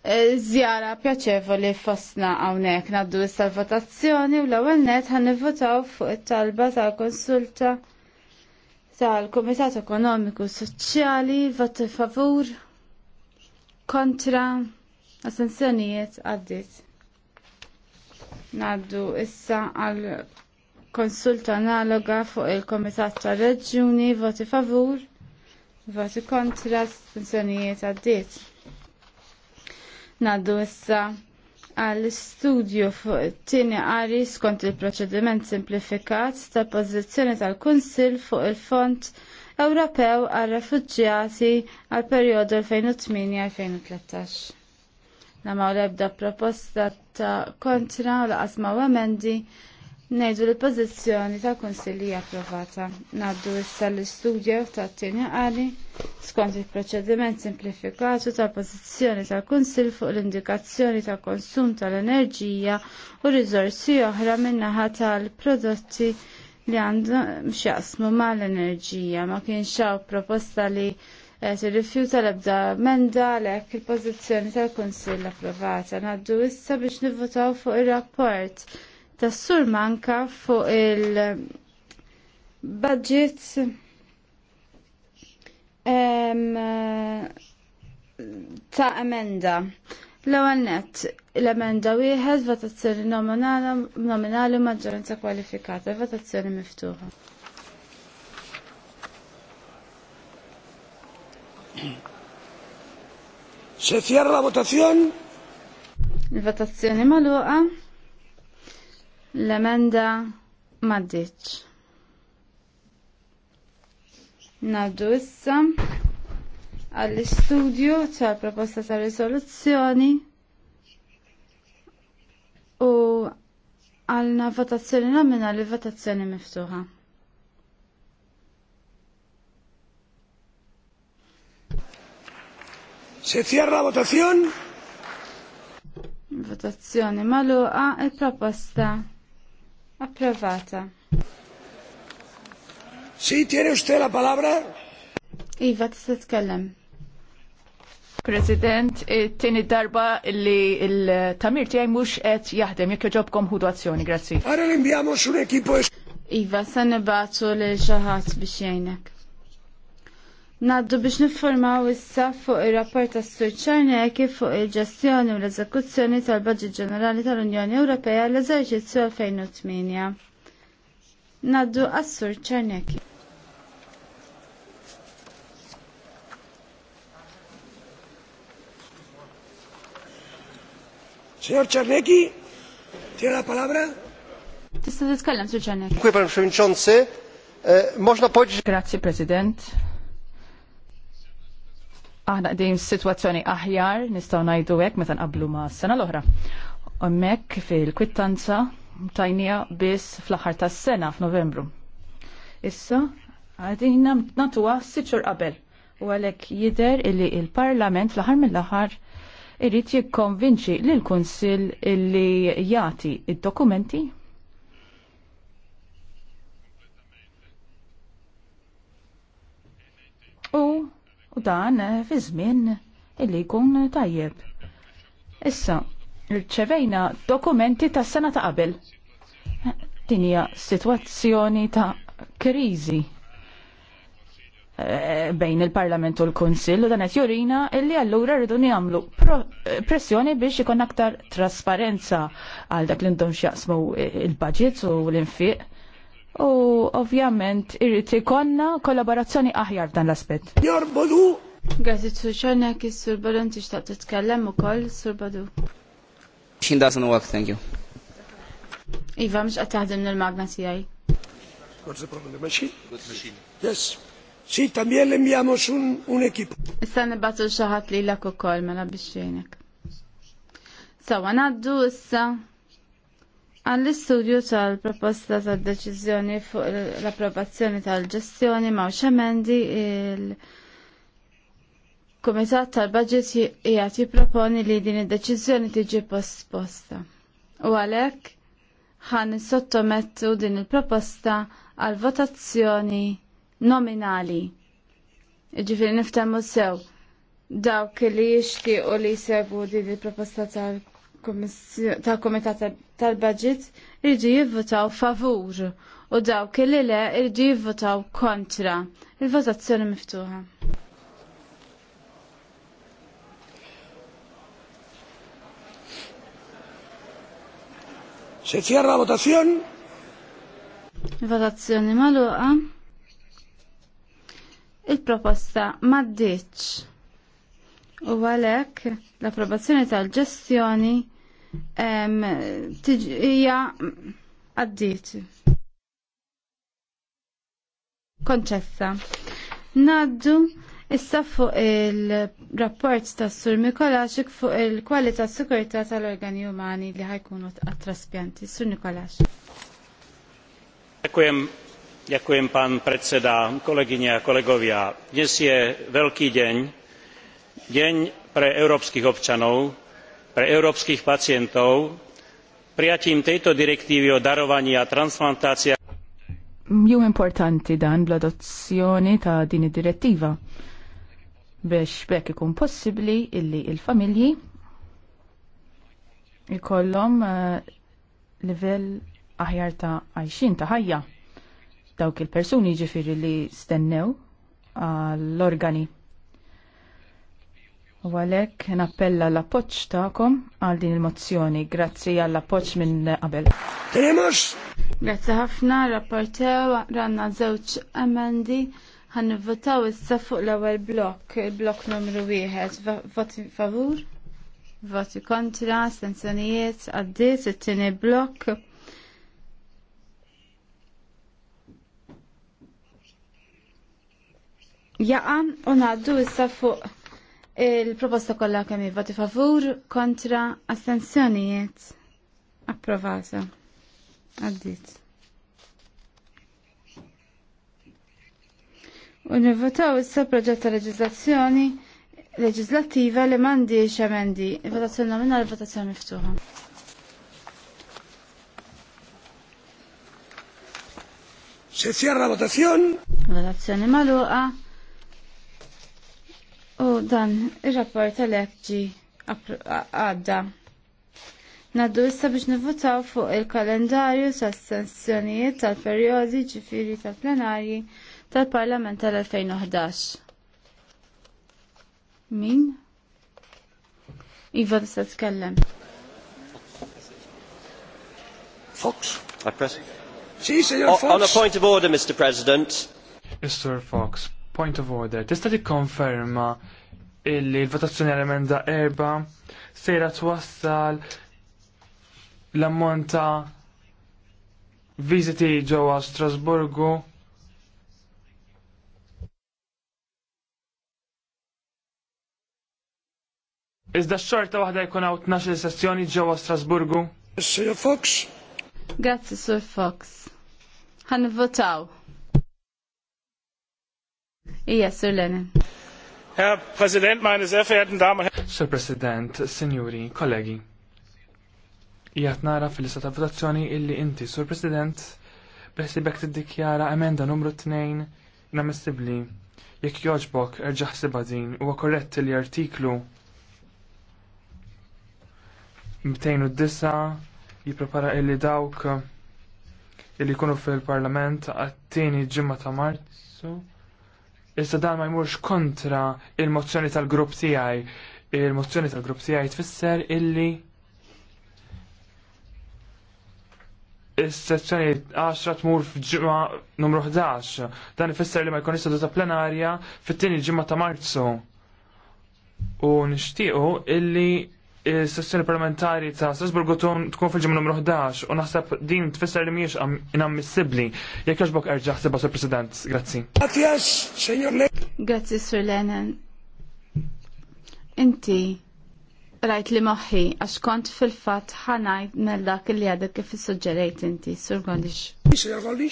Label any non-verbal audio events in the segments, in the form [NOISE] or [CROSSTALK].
Eh, zjara pjaċevoli fosna għawnek naddu s-salvatazzjoni u l-ewel net għan votaw fuq it-talba tal-konsulta tal-Komitat Ekonomiku Soċjali vot favur kontra assenzjonijiet għaddit. Naddu issa għal konsulta analoga fuq il-Komitat tal-Reġjuni voti favur, voti kontra assenzjonijiet għaddit. Naddu issa għall studio fuq tini qari skont il-proċediment simplifikat ta' pożizzjoni tal-Kunsill fuq il-Fond Ewropew għal refuġġjati għal perjodu 2008-2013. Nama l-ebda proposta ta' kontra u laqas ma' emendi Nejdu li pozizjoni ta' konsilli approvata. Naddu issa l-istudju ta' t-tini għali skont il-proċediment simplifikatu ta' pozizjoni ta' konsil fuq l-indikazzjoni ta' konsum tal-enerġija u rizorsi oħra minnaħa tal-prodotti li għandu mxasmu ma' l-enerġija. Ma kienxaw proposta li eh, tirrifjuta l-ebda menda l-ek il-pozizjoni tal-konsil approvata. Naddu issa biex nivvotaw fuq il-rapport tas-sur manka fuq il-budget ta' emenda. L-ewwel nett, l-emenda wieħed votazzjoni nominali maġġoranza kwalifikata, votazzjoni miftuħa. Se cierra la votazione. Votazione maluqa. L-emenda maddiċ. Naddu issa għall-istudju tal-proposta ta' risoluzzjoni u għalna votazzjoni nominali votazzjoni miftuħa. Se cierra votazzjoni. Votazzjoni maluqa il-proposta e Approvata. Sì, tiene usted la palabra? Iva, t-tkellem. President, it darba li l-tamir tiegħi mhux qed jaħdem jekk joġobkom ħudu azzjoni, grazzi. Ara l su xun ekipo. Iva, se nibatu li xi ħadd biex jgħinek. Naddu biex nifformaw issa fuq il rapport ta' Sur Czarnecki fuq il-ġestjoni u l-eżekuzzjoni tal-Budget Ġenerali tal-Unjoni Ewropea l-eżerċizzju 2008. Naddu għas-Sur Czarnecki. Signor Czarnecki, tiene la palabra? Tista' titkellem, Sur Czarnecki. Dziękuję, panie przewodniczący. E, można powiedzieć... Grazie, prezydent aħna din situazzjoni aħjar nistgħu ngħidu hekk meta nqablu ma' sena l-oħra. Hemmhekk fil-kwittanza tajnija biss fl-aħħar tas-sena f'Novembru. Issa għadin natuha sitt sitxur qabel u għalhekk jidher illi il-parlament fl aħħar mill aħħar irid jikkonvinċi lill l illi jagħti id-dokumenti il u dan fi żmien illi jkun tajjeb. Issa, rċevejna dokumenti tas sena ta' qabel. Din hija sitwazzjoni ta' kriżi eh, bejn il-Parlament u l-Kunsill u dan qed jurina illi allura rridu nagħmlu eh, pressjoni biex ikun aktar trasparenza għal dak li ndhom x'jaqsmu eh, il-budgets u l-infiq u ovvjament irrid ikonna kollaborazzjoni aħjar dan l-aspett. Jorbodu! Grazzi Tsuċana kif nti Balon t-tkellem u koll, Badu. Xin dasan waqt, thank you. Iva, mx qed nil magna si għaj. Għazit problemi, maċi? Yes. Si, tambien li enviamos un, un equipo. Issa nibatu xaħat li l-ak u kol, mela biex jinek. Sawa, naddu issa Għall-istudju tal-proposta tal-deċizjoni fuq l-approvazzjoni tal-ġestjoni ma' xemendi il-Komitat tal-Budget jgħat jiproponi li din id-deċizjoni tiġi posposta. U għalek ħan sottomettu din il-proposta għal votazzjoni nominali. Iġifiri niftemmu sew dawk li jishtiqu li jsegwu din il-proposta tal ta' komitat tal-budget irġi jivvotaw favur u dawk li le irġi jivvotaw kontra. Il-votazzjoni miftuħa. Se cierra votazzjoni. Votazzjoni maluqa. Il-proposta maddeċ u għalek l-approvazzjoni tal-ġestjoni hija għaddit. Konċessa. Naddu issa fuq il-rapport ta' Sur Mikolaxik fuq il-kwalità sikurta tal-organi umani li ħajkunu għat-traspjanti. Sur Mikolaxik. Dziękujem, dziękujem pan predseda, kolegyne kolegovia. Dnes je veľký deň deň pre európskych občanov pre európskych pacientov prijatím tejto direktívy o darovaní a transplantácii Mju importanti dan bl-adozzjoni ta' din id-direttiva biex bekk ikun possibbli illi il-familji ikollhom eh, livell aħjar ta' għajxin ta' ħajja dawk il-persuni ġifiri li stennew għall-organi U għalek nappella l-appoċ ta'kom għal din il-mozzjoni. Grazzi għall appoċ minn qabel. Tenemos! Grazzi ħafna, rapportew, ranna zewċ emendi. Għan votaw issa fuq l-ewel blok, il-blok numru 1. Voti favur, voti kontra, sensonijiet, għaddit, it-tini blok. Jaqan u naddu issa fuq Il-proposta kollha kemm voti favur kontra astensjonijiet approvata. Għaddit. U nivvotaw issa proġett ta' leġislazzjoni leġislattiva li mandi xemendi. Votazzjoni nominali, votazzjoni miftuħa. Se cierra votazzjoni. Votazzjoni maluqa. U dan ir-rapport tal-ekġi għadda. Naddu issa biex nivvotaw fuq il-kalendarju sas-sessjonijiet tal-perjodi ġifiri tal-plenarji tal-Parlament tal-2011. Min? Iva tista' tkellem. Fox, I press. Si, on, on a point of order, Mr. President. Mr. Fox, Point of order. Tista' tikkonferma illi l-votazzjoni għal emenda erba sejra twassal l ammonta viziti viżiti ġewwa Strasburgu Iżda xorta waħda jkun hawn 12 sessjoni ġewwa Strasburgu. Sir Fox. Grazzi Sir Fox. Ħanivvotaw. Sir Lenin. Herr Präsident, meine sehr verehrten Damen und Herren. Sir President, Signori, kollegi. Ijat nara fil-lista ta' votazzjoni illi inti, Sur President, beħsibek tiddikjara emenda numru 2 namestibli. Jekk joġbok erġaħsiba din huwa korrett li artiklu 209 jipprepara illi dawk illi jkunu fil-parlament għat-tieni ġimma ta' marzu Issa dan ma jmurx kontra il-mozzjoni tal-grupp tiegħi. Il-mozzjoni tal-grupp tiegħi tfisser illi is-sezzjoni 10 tmur f'ġimgħa numru 11. Dan ifisser li ma jkun seduta plenarja fit-tieni ġimgħa ta' Marzu. U nixtiequ illi sessjoni parlamentari ta' Strasburgu tkun fil ġimma numru 11 u naħseb din tfisser li miex inammissibbli. Jekk jaġbok erġa' ħsibha sur President, grazzi. Grazzi Sur Lennon. Inti rajt li moħħi għax kont fil-fatt ħanajt mel dak li għadek kif suġġerejt inti, Sir Gondix. Sur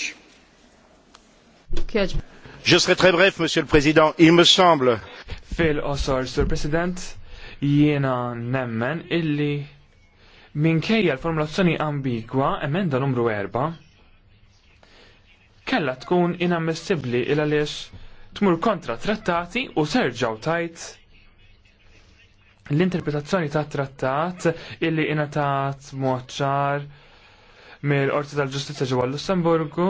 Je serai très bref, Monsieur le Président. Il me semble. Fil-osor, Sur President Jiena nemmen illi minkejja l-formulazzjoni ambigwa emenda numru 4 kella tkun inammissibbli il għaliex tmur kontra trattati u serġaw tajt l-interpretazzjoni ta' trattat illi inatat moċċar mill-Orti tal-Ġustizja ġewwa l Lussemburgu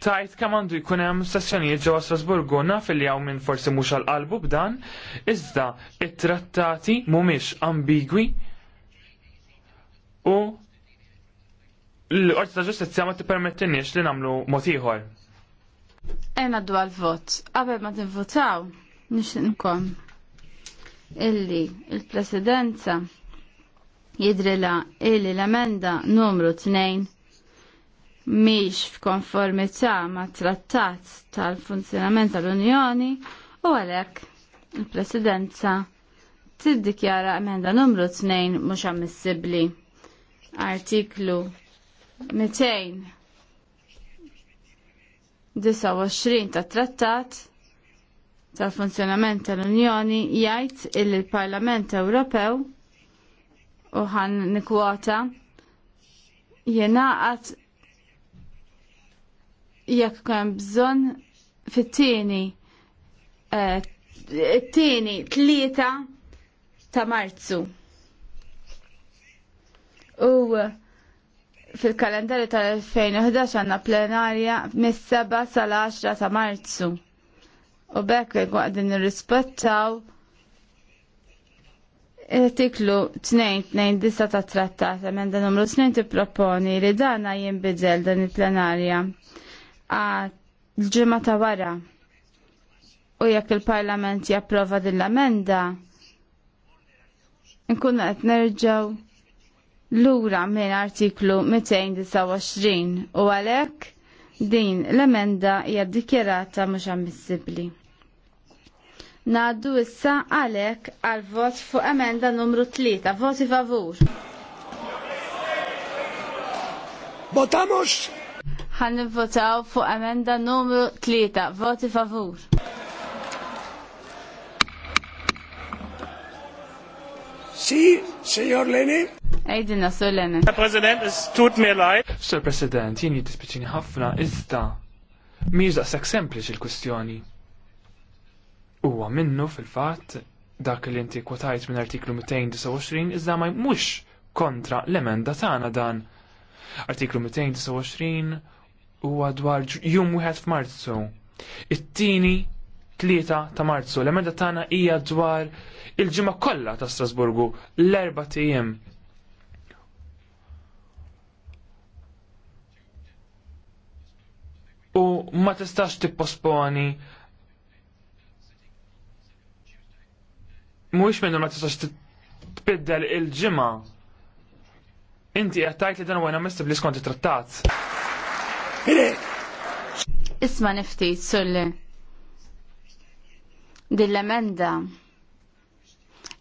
tajt kamandu jkun hemm sessjonijiet ġewwa Strasburgu naf li hawn minn forsi mhux għal qalbu b'dan, iżda it-trattati mhumiex ambigwi u l-Qorti ta' Ġustizzja ma tippermettinniex li nagħmlu mod ieħor. Ejna ddu għal-vot. Qabel ma tivvotaw, nixinkom illi il-presidenza jidrila illi l-emenda numru 2 miex f'konformità ma' trattat tal-funzjonament tal-Unjoni u għalhekk il-Presidenza tiddikjara emenda numru 2 mhux ammissibbli. Artiklu 229 tat-trattat tal-funzjonament tal-Unjoni jgħid il l-Parlament Ewropew u ħan nikwota jenaqat jekk kem bżon fit-tieni it-tieni eh, tlieta ta' Marzu. U fil-kalendarju tal-2011 għanna plenarja mis-7 sal-10 ta' Marzu. U bekk għadin nirrispettaw Artiklu 2.9 ta' trattat, emenda numru 2 tipproponi li dana jinbidel dan il-plenarja l ġimma ta' wara u jekk il-Parlament japprova din l-amenda, nkunna qed nerġgħu lura minn artiklu 229 u għalhekk din l-emenda hija ddikjarata mhux ammissibbli. Ngħaddu issa għalhekk għal vot fuq emenda numru 3, voti favur. Votamos ħan votaw fuq emenda numru 3. Voti favur. Si, signor Leni. Ejdina, sur Leni. Herr President, es tut mir leid. Sir President, jien jittispiċini ħafna, iżda. Miż sekk sempliċi l-kwistjoni. Huwa minnu fil-fatt dak li inti kwotajt minn artiklu 229 iżda ma jmux kontra l-emenda tagħna dan. Artiklu 229 huwa dwar jum wieħed f'Marzu. It-tieni tlieta ta' Marzu. L-emenda tagħna hija dwar il-ġimgħa kollha ta' Strasburgu l-erba' tiem. U ma tistax tipposponi Mhuwiex minnu ma tistax tbiddel il-ġimgħa. Inti qed tgħid li dan huwa namistibbli skont it-trattat isma niftit sulli dill-emenda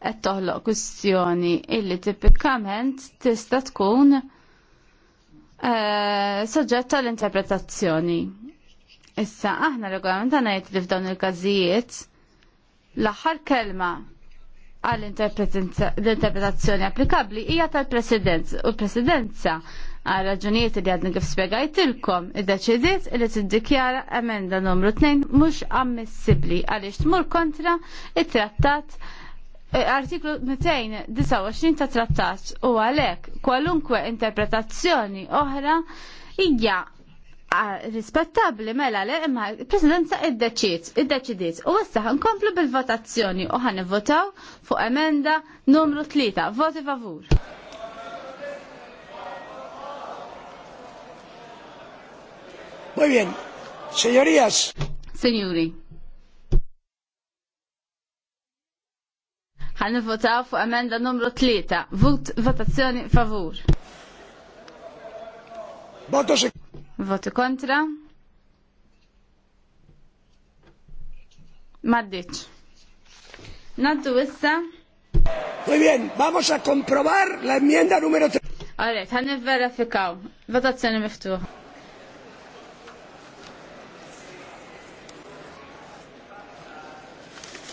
qed toħloq kwistjoni illi tipikament tista' tkun eh, soġġett tal-interpretazzjoni. Issa aħna regolamentana ngħid li f'dawn il-każijiet l-aħħar kelma għall interpretazzjoni applikabli hija tal-presidenza u l-presidenza għal raġunijiet li għadni kif spiegajtilkom id-deċidiet li tiddikjara emenda numru 2 mhux ammissibbli għaliex tmur kontra il trattat eh, artiklu 229 ta' trattat u għalhekk kwalunkwe interpretazzjoni oħra hija Ah, rispettabli mela le imma il-presidenza id-deċiet, id-deċidiet. U issa nkomplu bil-votazzjoni u ħan votaw fuq emenda numru 3. Voti favur. Muy bien, señorías. Signori. Ħan votaw fuq emenda numru 3. Vot votazzjoni favur. Voto se Voti kontra. Maddiċ. Naddu issa. Muy bien, vamos a comprobar la enmienda numero 3. Għalet, għan verifikaw. Votazzjoni miftuħa.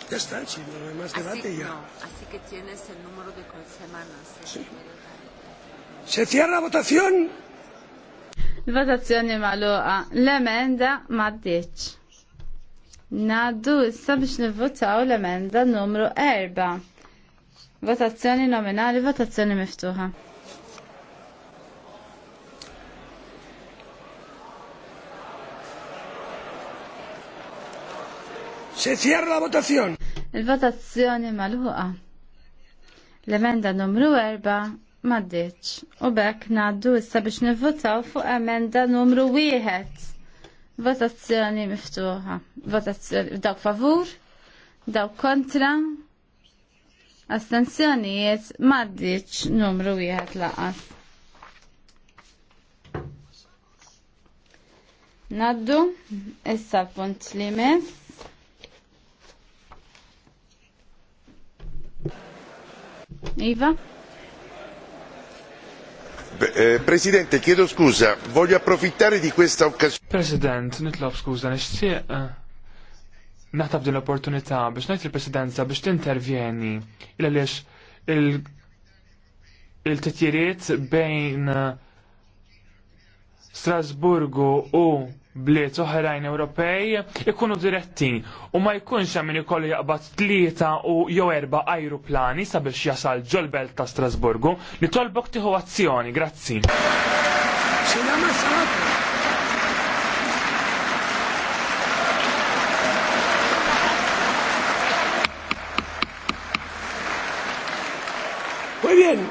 Ya está, si no hay más debate así, ya. No, así que tienes el número de semanas. Eh. Sí. Se cierra la votación. Votazzjoni magħluqa. L-emenda maddiċ. Naddu issa biex nivvotaw l-emenda numru 4. Votazzjoni nominali, votazzjoni miftuħa. Se cierra la votazione. Il-votazzjoni malħuqa. L-emenda numru 4 maddiċ. U bekk naddu issa biex nivvotaw fuq emenda numru wieħed. Votazzjoni miftuħa. Votazzjoni dawk favur, dawk kontra. Astenzjonijiet maddiċ numru wieħed laqas. Naddu issa punt li mess. Iva? Eh, Presidente, chiedo scusa, voglio approfittare di questa occasione. President, nitlob scusa, nixtieq eh, naħtab din l-opportunità biex ngħid il-Presidenza biex tintervjeni il għaliex il-titjiriet bejn eh, Strasburgu u bliet oħrajn Ewropej ikunu diretti u ma jkunx hemm min ikollu jaqbad tlieta u jew erba' ajruplani sabiex jasal ġol-belt ta' Strasburgu li tolbok tieħu azzjoni, grazzi. Muy bien.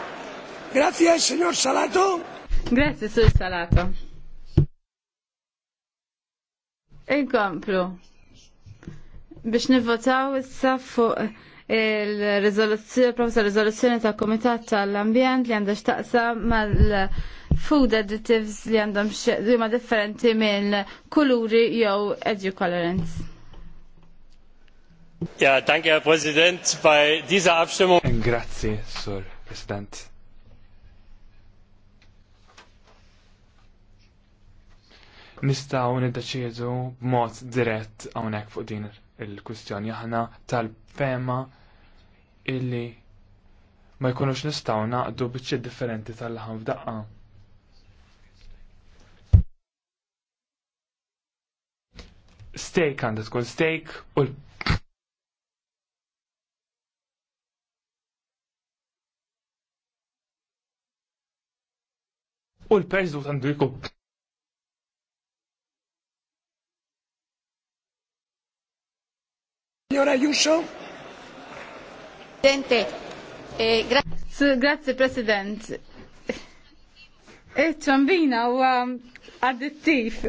Grazie, signor Salato. Grazie, signor Salato. Inkomplu. Biex nivvotaw issa fuq il-rizoluzzjoni, proposta rizoluzzjoni ta' Komitat tal-Ambjent li għandha xtaqsa mal-food additives li għandhom huma differenti minn kuluri jew colorants. Ja, danke Herr Präsident bei dieser Abstimmung. Grazie, Sir President. nistaw niddeċiedu b'mod dirett hawnhekk fuq din il-kwistjoni aħna tal-fema illi ma jkunux nistaw naqdu biċċi differenti tal ħan f'daqqa. Steak għandha tkun steak u l U l-perżu għandu jkun Ayuso. Presidente, eh, gra grazie President. Il-ċambina eh, huwa addittiv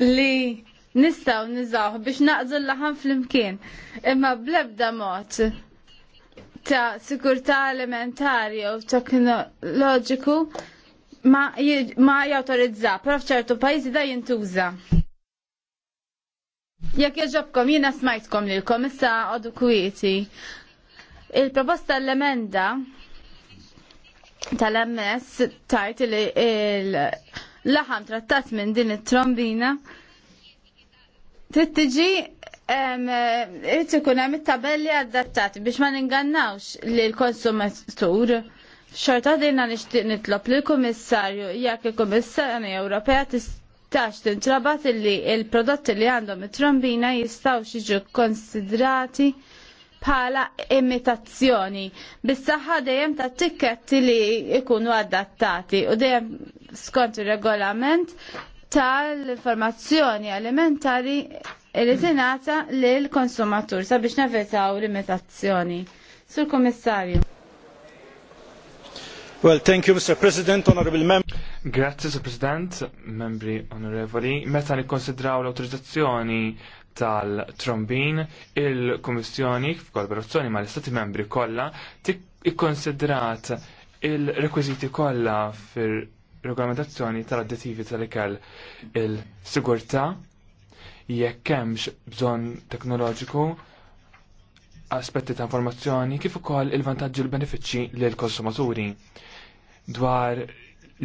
li nistaw nizaw biex naqżu l-laħan fl-imkien. Imma blebda mod ta' sikurtà elementari u teknoloġiku ma, ma jautorizza, però f'ċertu pajjiżi da jintuża. Jekk jaġobkom, jiena smajtkom l komissa għadu kwieti. Il-proposta l-emenda tal-MS tajt li l-laħam trattat minn din it-trombina trid tiġi irid ikun hemm it-tabelli adattati biex ma ningannawx l konsumatur. Xorta dinna nixtieq nitlob lill-Kummissarju jekk il komissarju Ewropea taċ tintrabat illi il-prodotti li għandhom it-trombina jistgħu jiġu konsidrati bħala imitazzjoni. Bis-saħħa dejjem ta' tikketti li jkunu adattati u dejjem skont ir-regolament tal-informazzjoni alimentari li tingħata lil konsumatur sabiex nevitaw l-imitazzjoni. Sur Kommissarju. Well, thank you, Mr. President, honorable members. Grazzi, Sir President, membri onorevoli. Meta nikkonsidraw l-autorizzazzjoni tal-trombin, il-Kommissjoni, f'kollaborazzjoni ma l-Istati membri kollha, ikkonsidrat il-rekwiziti kollha fir-regolamentazzjoni tal-additivi tal-ikel il-sigurtà jekk hemmx bżonn teknoloġiku aspetti ta' informazzjoni kif ukoll il-vantaġġi u l-benefiċċji lill konsumaturi dwar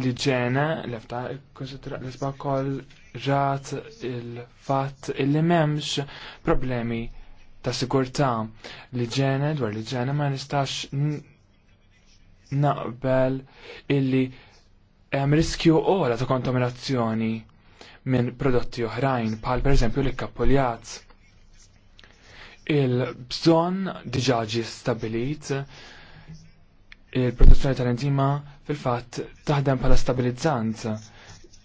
li ġena lefta konsidra l-isba kol ġat il-fat illi memx problemi ta' sigurta li ġena dwar li ġena ma nistax naqbel illi hemm riskju ola ta' kontaminazzjoni minn prodotti oħrajn bħal per eżempju l-kappoljat. Il-bżon diġaġi stabilit il-produzzjoni tal-enzima fil-fatt taħdem bħala stabilizzant.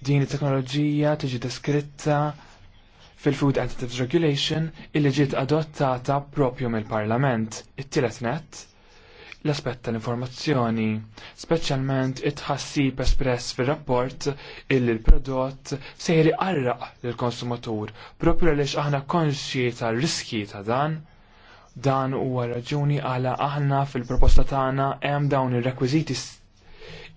Din it-teknoloġija tiġi deskritta fil-Food Additives Regulation illi ġiet adottata propju mill-Parlament. It-tielet net l-aspett tal-informazzjoni, speċjalment it-ħassib espress fil-rapport illi l-prodott se jiri qarraq l-konsumatur, propju għaliex aħna konxji tal-riski ta' dan Dan huwa raġuni għala aħna fil-proposta tagħna hemm dawn ir-rekwiżiti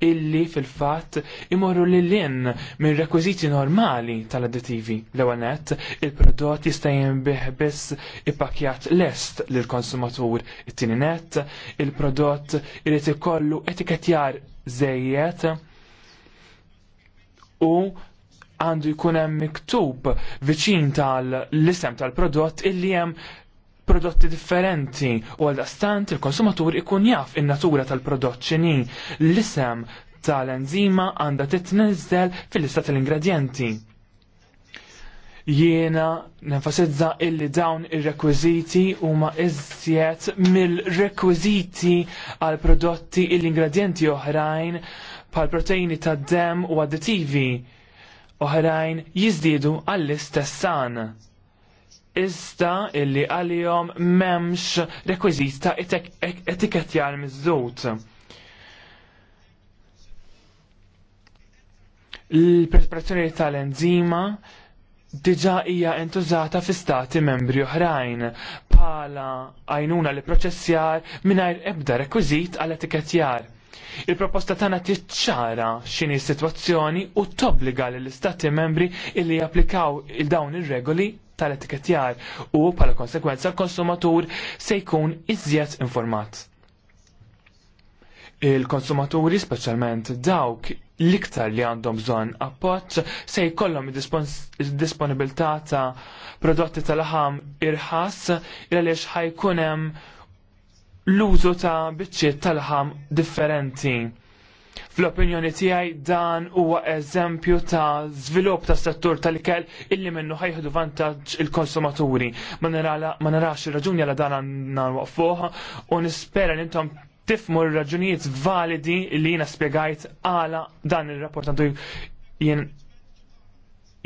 illi fil-fatt imorru lil lin minn rekwiżiti normali tal-additivi. L-ewwel nett, il-prodott jista' jinbih biss ippakjat lest lill konsumatur It-tieni nett, il-prodott irid ikollu etikettjar żejjed u għandu jkun hemm miktub viċin tal-isem tal-prodott illi hemm prodotti differenti u għal stant il-konsumatur ikun jaf in-natura tal-prodott xini l-isem tal-enzima għanda titnizzel fil-lista tal-ingredienti. Jiena nenfasizza illi dawn ir-rekwiziti huma izziet mill-rekwiziti għal prodotti l-ingredienti oħrajn pal proteini tad-dem u additivi oħrajn jiżdiedu għall-istess san iżda illi għalihom m'hemmx rekwiżit ta' etikettjar miżżut. L-preparazzjoni tal-enzima diġa hija intużata fi stati membri oħrajn bħala għajnuna li proċessjar mingħajr ebda rekwiżit għal etikettjar. Il-proposta tagħna tiċċara x'inhi s-sitwazzjoni u tobbliga lill istati membri illi japplikaw il-dawn ir-regoli tal-etikettjar u bħala konsekwenza l-konsumatur se jkun iżjed informat. Il-konsumaturi speċjalment dawk l-iktar li għandhom bżonn appoġġ se jkollhom id-disponibilità ta' prodotti tal-ħam irħas il għaliex ħajkun hemm l-użu ta' biċċiet tal-ħam differenti Fl-opinjoni tiegħi dan huwa eżempju ta' żvilupp ta' settur tal-ikel illi minnu ħajħdu vantaġġ il-konsumaturi. Ma narax ir-raġuni għal dan għandna waqfuha u nispera li intom tifmu r-raġunijiet validi li jiena spjegajt għala dan ir rapport għandu jien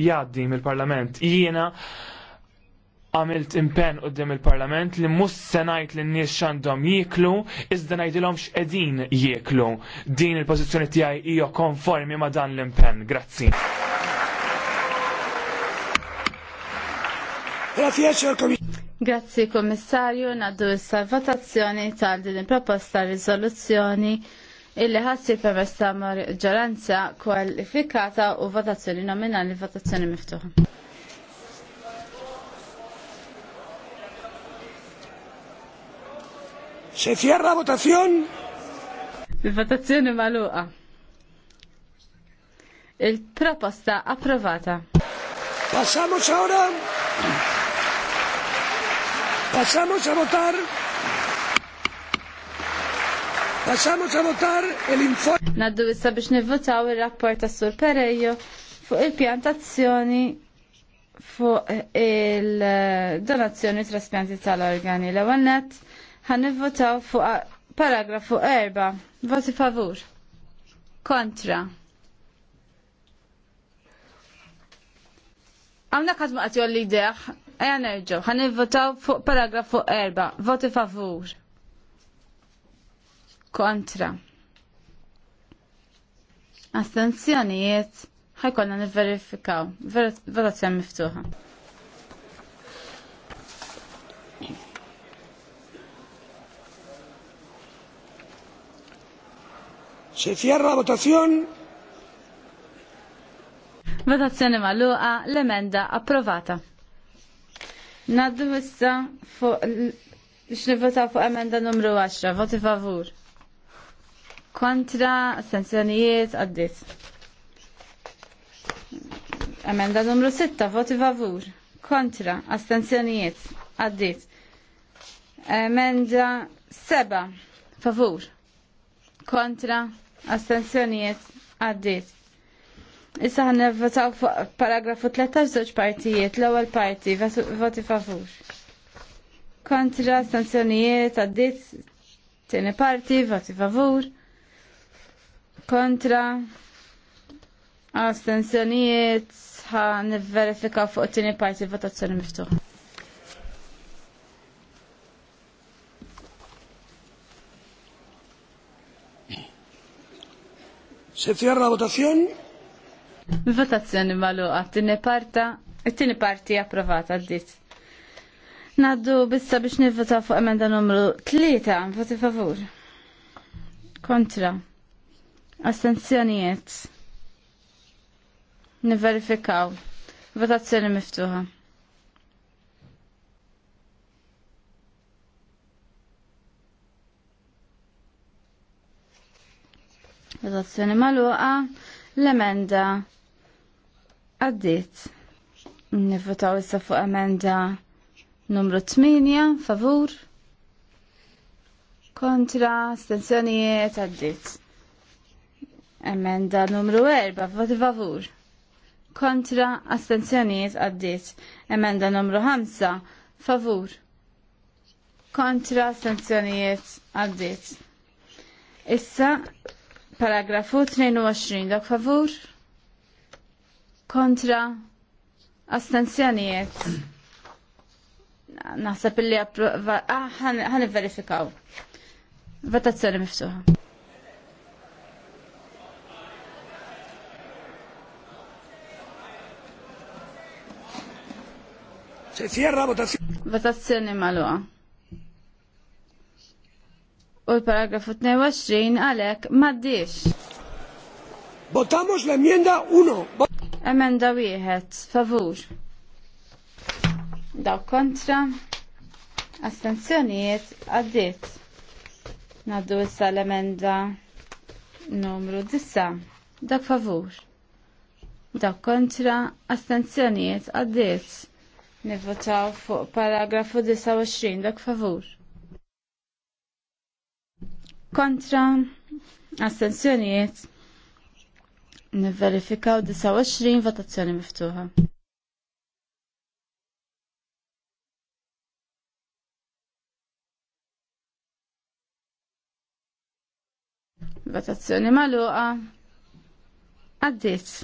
jgħaddi mill-Parlament. Jiena għamilt impen qoddim il-parlament li mus senajt li n-nies xandom jiklu, iżda najdilom edin jiklu. Din il-pozizjoni tiegħi hija konformi ma dan l-impen. Grazzi. Grazzi Komissarju, naddu issa votazzjoni tal din il-proposta rizoluzzjoni illi ħassi permessa ta' maġġoranza kwalifikata u votazzjoni nominali votazzjoni miftuħa. Se cierra votazzjon? Il-votazzjoni maluqa. Il-proposta approvata. Passamos ora. Passamos a votar. Passamos a votar il-informe. Naddu issa biex nivvotaw il-rapport ta' Sur Perejo fuq il-pjantazzjoni fuq il-donazzjoni traspjanti tal-organi. L-għannet ħanivvotaw fuq paragrafu 4. Voti favur. Kontra. Għamna kħadmu għati għalli deħ, għaja nerġu, ħanivvotaw fuq paragrafu 4. Voti favur. Kontra. Astenzjonijiet ħajkonna niverifikaw. Votazzjon miftuħa. Se cierra la votazione. Votazzjoni magħluqa l-emenda approvata. Naddu issa fuq biex nivvota fuq emenda numru 10, voti favur. Kontra, astensjonijiet, għaddit. Emenda numru 6, voti favur. Kontra, astensjonijiet, għaddit. Emenda 7, favur kontra astensjonijiet għaddit. Issa ħan votaw fuq paragrafu 13 żewġ partijiet, l-ewwel parti voti favur. Kontra astensjonijiet għaddit tieni parti voti favur. Kontra astensjonijiet ħan verifika fuq tieni parti votazzjoni miftuħa. Se cierra la votazione. Votazzjoni maluqa, t-tini parta, t-tini parti approvata għaddit. Naddu bissa biex nivvota fuq emenda numru 3, voti favur. Kontra. Astenzjonijiet. Niverifikaw. Votazzjoni miftuħa. votazzjoni maluqa, l-emenda għaddit. Nivvotaw issa fuq emenda numru 8, favur, kontra, stenzjonijiet għaddit. Emenda numru 4, voti favur. Kontra, astenzjonijiet għaddit. Emenda numru 5, favur. Kontra, astenzjonijiet għaddit. Issa, Paragrafu 22, dak favur? Kontra? Astenzjonijiet? [CLEARS THROAT] Naħseb illi approva. Ah, ħan verifikaw. Votazzjoni miftuħa. Se cierra votazzjoni. Votazzjoni maluqa u l-paragrafu 22 għalek maddix. Votamos l-emenda 1. Emenda wieħed, favur. Daw kontra. Astenzjonijiet għaddit. Naddu issa l-emenda numru 9. Daw favur. Dak kontra. Astenzjoniet għaddit. Nivvotaw fuq paragrafu 29. Daw favur kontra astensjonijiet nivverifikaw 29 votazzjoni miftuħa. Votazzjoni maluqa għaddit.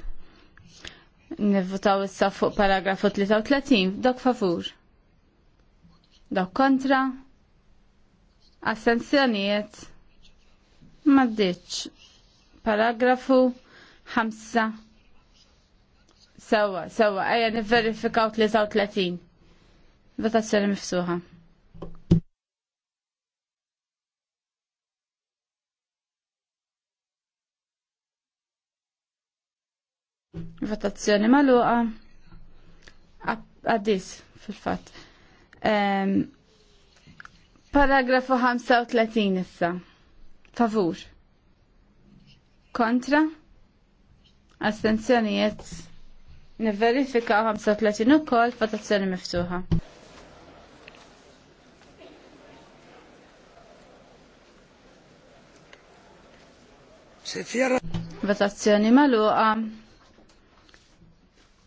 Nivvotaw issa fuq paragrafu 33, dak favur. Dak kontra, assenzjonijiet maddeċ. Paragrafu 5. Sewa, sewa, għajja niverifikaw 33. Votazzjoni mifsuħa. Votazzjoni maluqa. Għaddis, fil-fat. paragrafu 35 issa favur kontra astenzjonijiet niverifika 35 kol votazzjoni miftuħa. Votazzjoni maluqa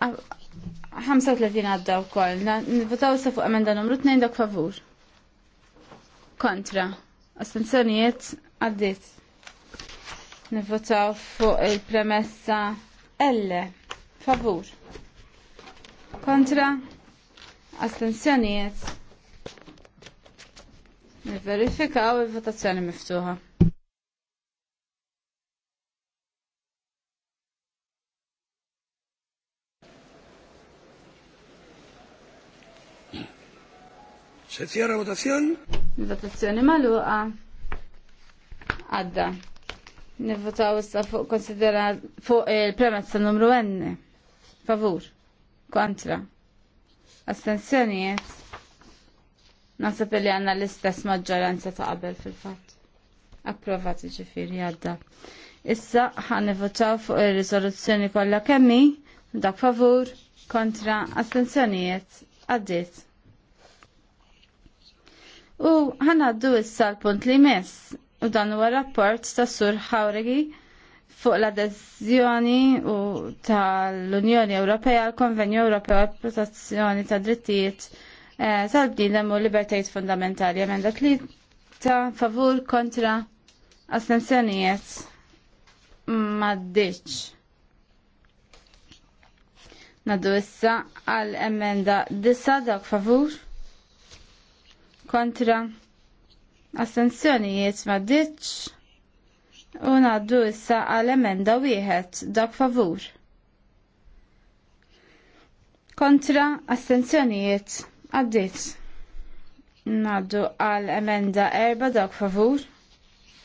35 għadda u koll. Votaw sa fuq emenda numru 2 dak favur. Kontra. Astenzjonijiet Għaddit. Nivvotaw fuq il-premessa L. Favur. Kontra. Astenzjonijiet. Nivverifikaw il-votazzjoni miftuħa. Se cierra votazzjoni? Votazzjoni maluqa għadda. Nivvotaw issa fuq konsidera fuq il-premezza numru N. Favur. Kontra. Astenzjonijiet. Nasab li għanna l-istess maġġoranza ta' qabel fil-fatt. Approvat ġifiri għadda. Issa ħan nivotaw fuq il-risoluzzjoni kollha kemmi dak favur kontra astensjonijiet Għaddit. U għaddu issa l-punt li mess u dan huwa rapport ta' Sur Hawregi fuq l adezzjoni u tal-Unjoni Ewropea għal Konvenju Ewropea għal Protezzjoni ta' Drittijiet eh, tal bdilem u Libertajiet Fundamentali. Emenda li ta' favur kontra astensjonijiet maddiċ. Naddu issa għal emenda disa dak favur kontra Astenzjonijiet ma ditx u naddu issa għal emenda wieħed dak favur. Kontra attenzjonijiet, għaddit. Naddu għal emenda erba dak favur.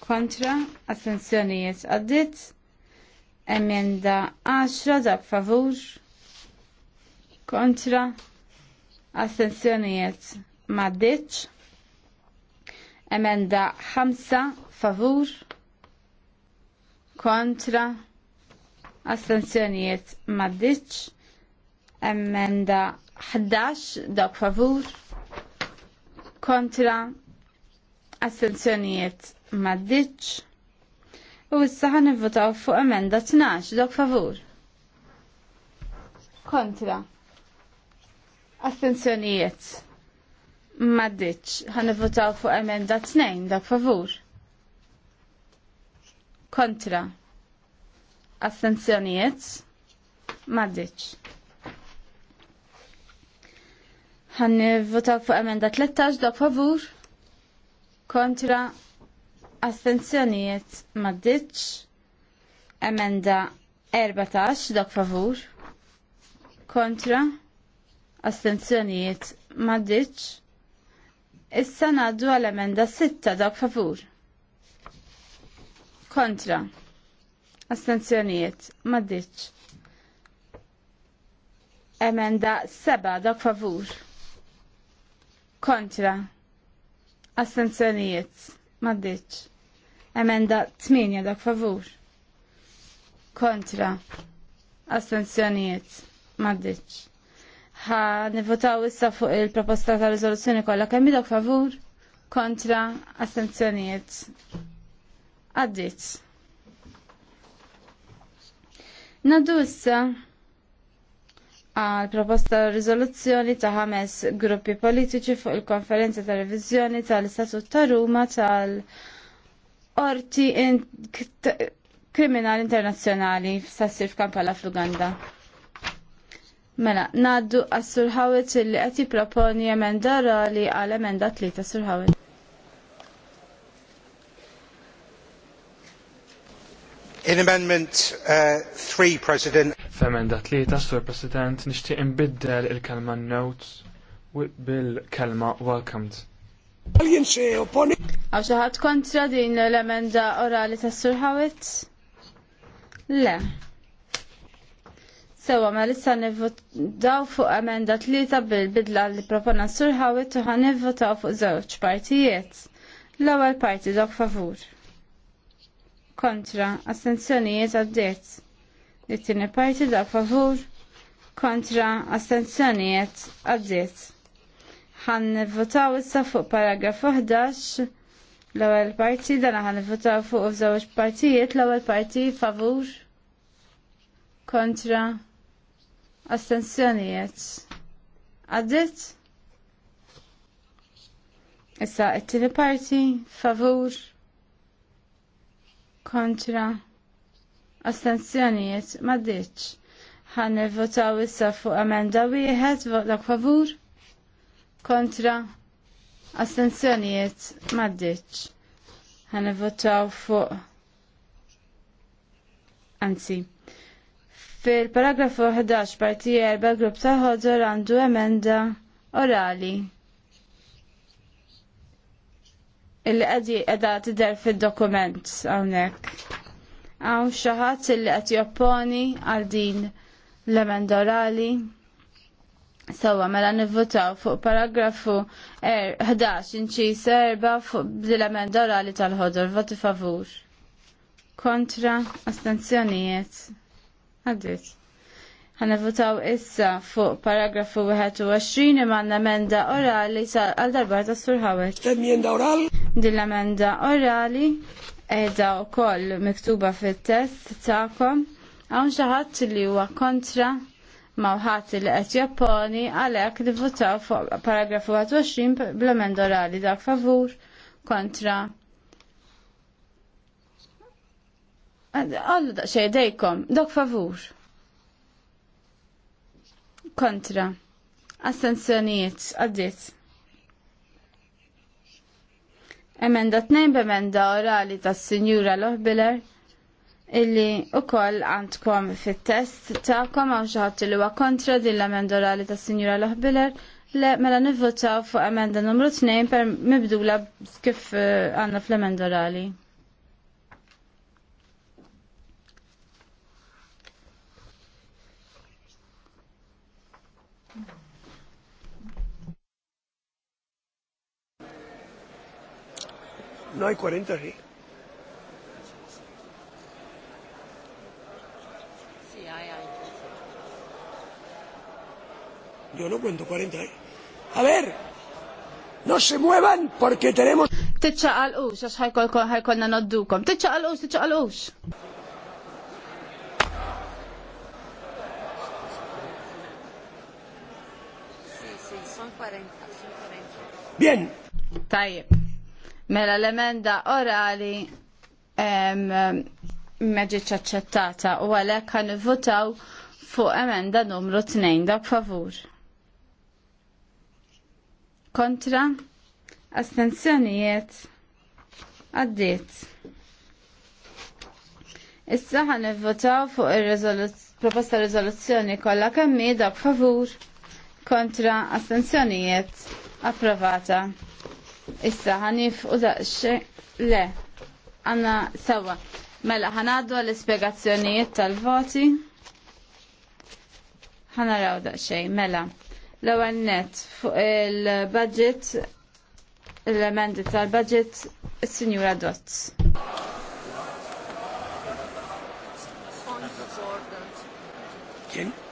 Kontra attenzjonijiet, għaddit. Emenda 10 dak favur. Kontra attenzjonijiet, ma ditx Emenda 5 favur kontra astenzjonijiet maddiċ. Emenda 11 dak favur kontra astenzjonijiet maddiċ. U issa ħan nivvotaw fuq emenda 12 dak favur. Kontra. Astenzjonijiet. Maddiċ, ħan votaw fuq emenda t-nejn, dak favur. Kontra. Astenzjonijiet. Maddiċ. ħan votaw fuq emenda 13, dak favur. Kontra. Astenzjonijiet. Maddiċ. Emenda 14, dak favur. Kontra. Astenzjonijiet. Maddiċ Issa naddu għal-emenda sitta dak favur. Kontra. Astenzjonijiet. Maddiċ. Emenda seba dak favur. Kontra. Astenzjonijiet. Maddiċ. Emenda 8 dak favur. Kontra. Astenzjonijiet. Maddiċ ħa nivotaw issa fuq il-proposta ta' rizoluzzjoni kollha kemm idok favur kontra astenzjonijiet. Għaddit. Naddu issa għal proposta rizoluzzjoni ta' ħames gruppi politiċi fuq il-konferenza ta' revizjoni tal-Istatut ta' Ruma tal-Orti Kriminali Internazzjonali f'Sassir f'Kampala fl Mela, naddu għas-Sur li qed jipproponi emenda orali għal emenda tlieta Sur In Amendment 3, uh, President. F'emenda tlieta, Sur President, nixtieq imbiddel il-kelma notes bil-kelma welcomed. Għaw xaħat kontra din l-emenda orali tas-Sur Le. Sewa ma lissa nivvotaw fuq emenda tlieta bil-bidla li propona surħawit u ħan nivvotaw fuq żewġ partijiet. L-ewwel parti dawk favur. Kontra, astenzjonijiet għaddiet. It-tieni parti dawk favur. Kontra, astenzjonijiet għaddiet. Ħan nivvotaw issa fuq paragraf 11 l-ewwel parti dan ħan nivvotaw fuq żewġ partijiet, l-ewwel parti favur kontra Astenzjonijiet. Għaddit? Issa, it-tini parti, favur, kontra, astenzjonijiet, maddit. Għan votaw issa fuq amenda wieħed, vota favur, kontra, astenzjonijiet, maddit. Għan votaw fuq, anzi, Fil-paragrafu 11 parti 4 grupp ta' ħodor għandu emenda orali. Illi għadi għadha tidher fil-dokument hawnhekk. Hawn xi ħadd illi qed jopponi għal din l-emenda orali. Sawa, mela nivvotaw fuq paragrafu 11 er, inċis 4 fuq l-emenda orali tal-ħodor. Voti favur. Kontra astenzjonijiet. Għaddit. votaw issa fuq paragrafu 21 imman emenda orali għal darba ta' surħawet. Emenda orali? Din emenda orali edha u koll miktuba fit-test ta'kom. Għan xaħat li huwa kontra mawħat li qed japponi għalhekk li votaw fuq paragrafu 21 bl amenda orali dak favur kontra Għallu daqxej dejkom, dok favur. Kontra. Assenzjoniet, għaddit. Emenda 2 b'emenda orali tas sinjura Lohbiller illi u koll għandkom fit-test ta'kom għaw xaħat li huwa kontra din l-emenda orali tas sinjura Lohbiller le mela nivvotaw fuq emenda numru t-nejn per mibdula kif eh, għanna fl-emenda orali. No hay 40, ahí Sí, hay, Yo no cuento 40, ¿eh? A ver, no se muevan porque tenemos... Tiċċaqal ux, għax ħajkolna noddukom. Tiċċaqal ux, tiċċaqal ux. Bien. Tajib. Mela l-emenda orali meġiċ aċċettata u għalhekk għan votaw fuq emenda numru 2 dak favur. Kontra? Astenzjonijiet? Għaddiet. Issa għan votaw fuq il-proposta rezoluzzjoni kollha kemmi dak favur kontra astenzjonijiet approvata. Issa, ħanif użaxxe, le, għanna sawa. Mela, ħanaddu għal ispiegazzjonijiet tal-voti. ħanaraw daqxej, mela. L-ewwel net fuq il-budget, l-emendi tal-budget, is-Sinjura Dotz. you.